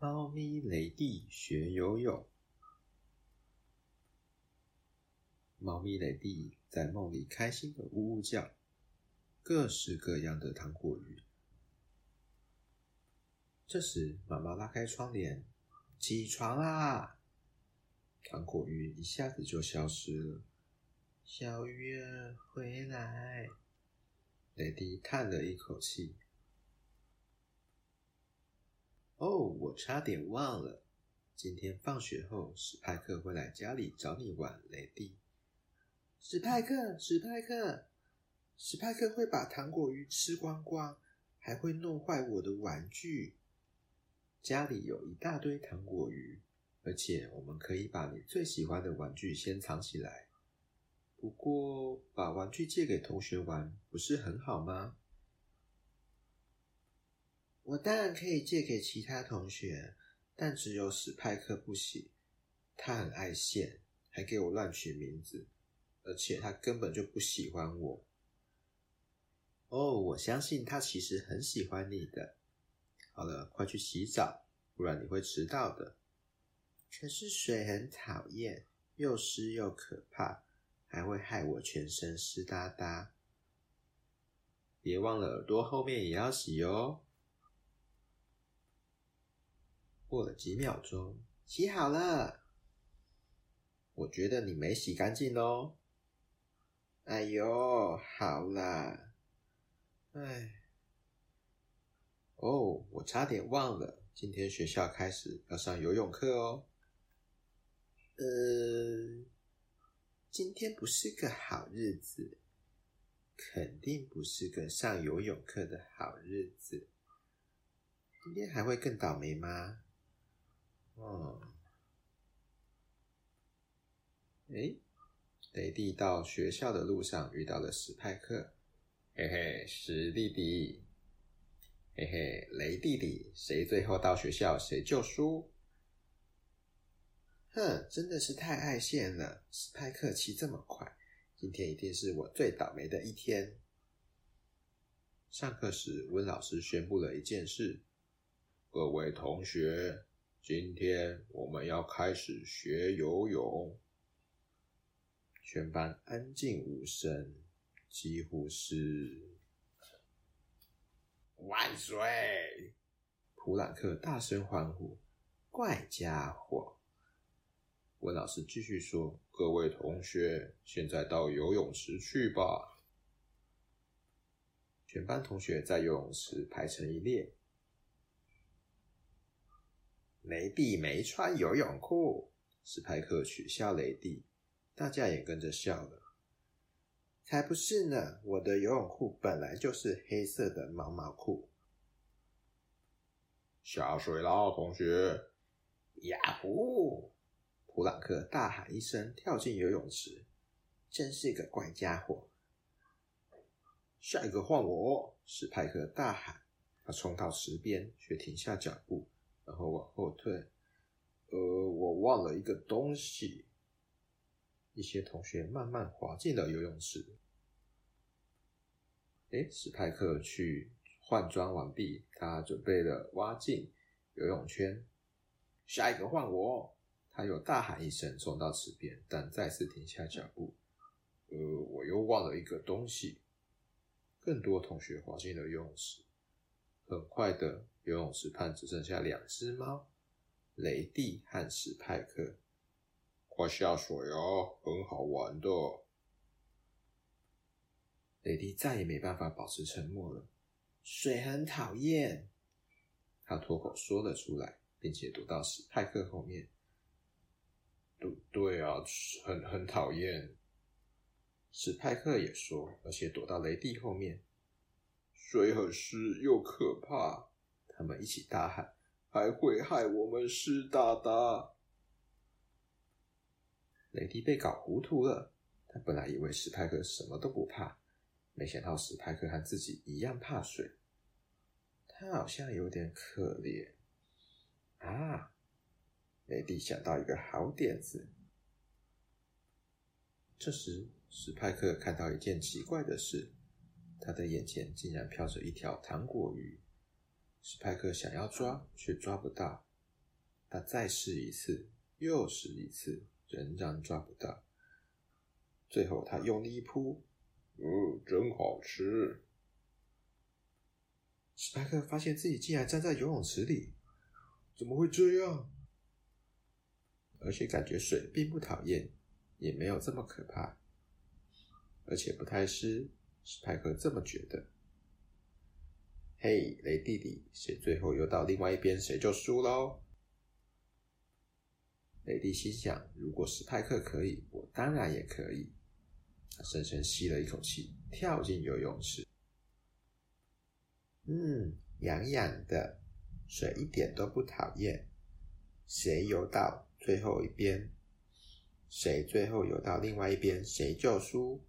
貓咪雷弟學游泳。貓咪雷弟在夢裡開心的嗚嗚叫，各式各樣的糖果魚。這時，媽媽拉開窗簾，起床啦！啊！糖果魚一下子就消失了。小魚兒回來。雷弟嘆了一口氣。哦，我差點忘了，今天放學後史派克會來家裡找你玩，雷弟。史派克、史派克、史派克會把糖果魚吃光光，還會弄壞我的玩具。家裡有一大堆糖果魚，而且我們可以把你最喜歡的玩具先藏起來。不過，把玩具借給同學玩不是很好嗎？我當然可以借給其他同學，但只有史派克不行。他很愛現，還給我亂取名字，而且他根本就不喜歡我。哦，Oh，我相信他其實很喜歡你的。好了，快去洗澡，不然你會遲到的。可是水很討厭，又濕又可怕。還會害我全身濕噠噠，別忘了耳朵後面也要洗喲、哦。過了幾秒鐘，洗好了，我覺得你沒洗乾淨哦。哎喲，好啦，哎，哦，我差點忘了，今天學校開始要上游泳課哦。呃、嗯。今天不是個好日子，肯定不是個上游泳課的好日子。今天還會更倒霉嗎？哦，哎，欸，雷弟到學校的路上遇到了史派克，嘿嘿，史弟弟，嘿嘿，雷弟弟，誰最後到學校誰就輸。嗯、真的是太愛現了！史派克期這麼快，今天一定是我最倒霉的一天。上課時，溫老師宣布了一件事：各位同學，今天我們要開始學游泳。全班安靜無聲，幾乎是萬歲！普朗克大聲歡呼：“怪家夥！”溫老師繼續說：“各位同學，現在到游泳池去吧。”全班同學在游泳池排成一列。雷弟沒穿游泳褲，史派克取笑雷弟，大家也跟着笑了。才不是呢！我的游泳褲本來就是黑色的毛毛褲。下水啦，同學。呀呼！布朗克大喊一聲，跳進游泳池。真是一個怪家伙！下一個換我，哦！史派克大喊，他衝到池邊，卻停下腳步，然後往後退。呃，我忘了一個東西。一些同學慢慢滑進了游泳池。哎，史派克去換裝完畢，他準備了蛙鏡、游泳圈。下一個換我，哦！他又大喊一聲，衝到池邊，但再次停下腳步。呃，我又忘了一個東西。更多同學滑進了游泳池。很快的，游泳池畔只剩下兩隻貓，雷弟和史派克。快下水哦、啊，很好玩的！雷弟再也沒辦法保持沉默了。水很討厭。他脫口說了出來，並且躲到史派克後面。對啊，很很討厭。史派克也說，而且躲到雷弟後面，水很濕又可怕。他們一起大喊，還會害我們濕噠噠。雷弟被搞糊塗了，他本來以為史派克什麼都不怕，沒想到史派克和自己一樣怕水。他好像有點可憐啊。雷弟想到一個好點子。這時，史派克看到一件奇怪的事，他的眼前竟然飄着一條糖果魚。史派克想要抓，卻抓不到。他再試一次，又試一次，仍然抓不到。最後，他用力一撲，嗯，真好吃！史派克發現自己竟然站在游泳池裡，怎麼會這樣？而且感覺水並不討厭，也沒有這麼可怕，而且不太濕。史派克這麼覺得。嘿，hey，雷弟弟，誰最後游到另外一邊，誰就輸嘍。雷弟心想，如果史派克可以，我當然也可以。他深深吸了一口氣，跳進游泳池。嗯，癢癢的，水一點都不討厭。誰游到？最後一邊，誰最後游到另外一邊，誰就輸。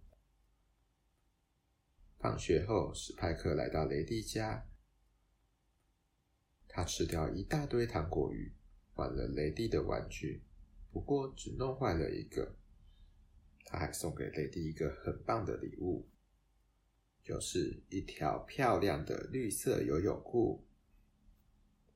放學後，史派克來到雷弟家，他吃掉一大堆糖果魚，玩了雷弟的玩具，不過只弄壞了一個。他還送給雷弟一個很棒的禮物，就是一條漂亮的綠色游泳褲。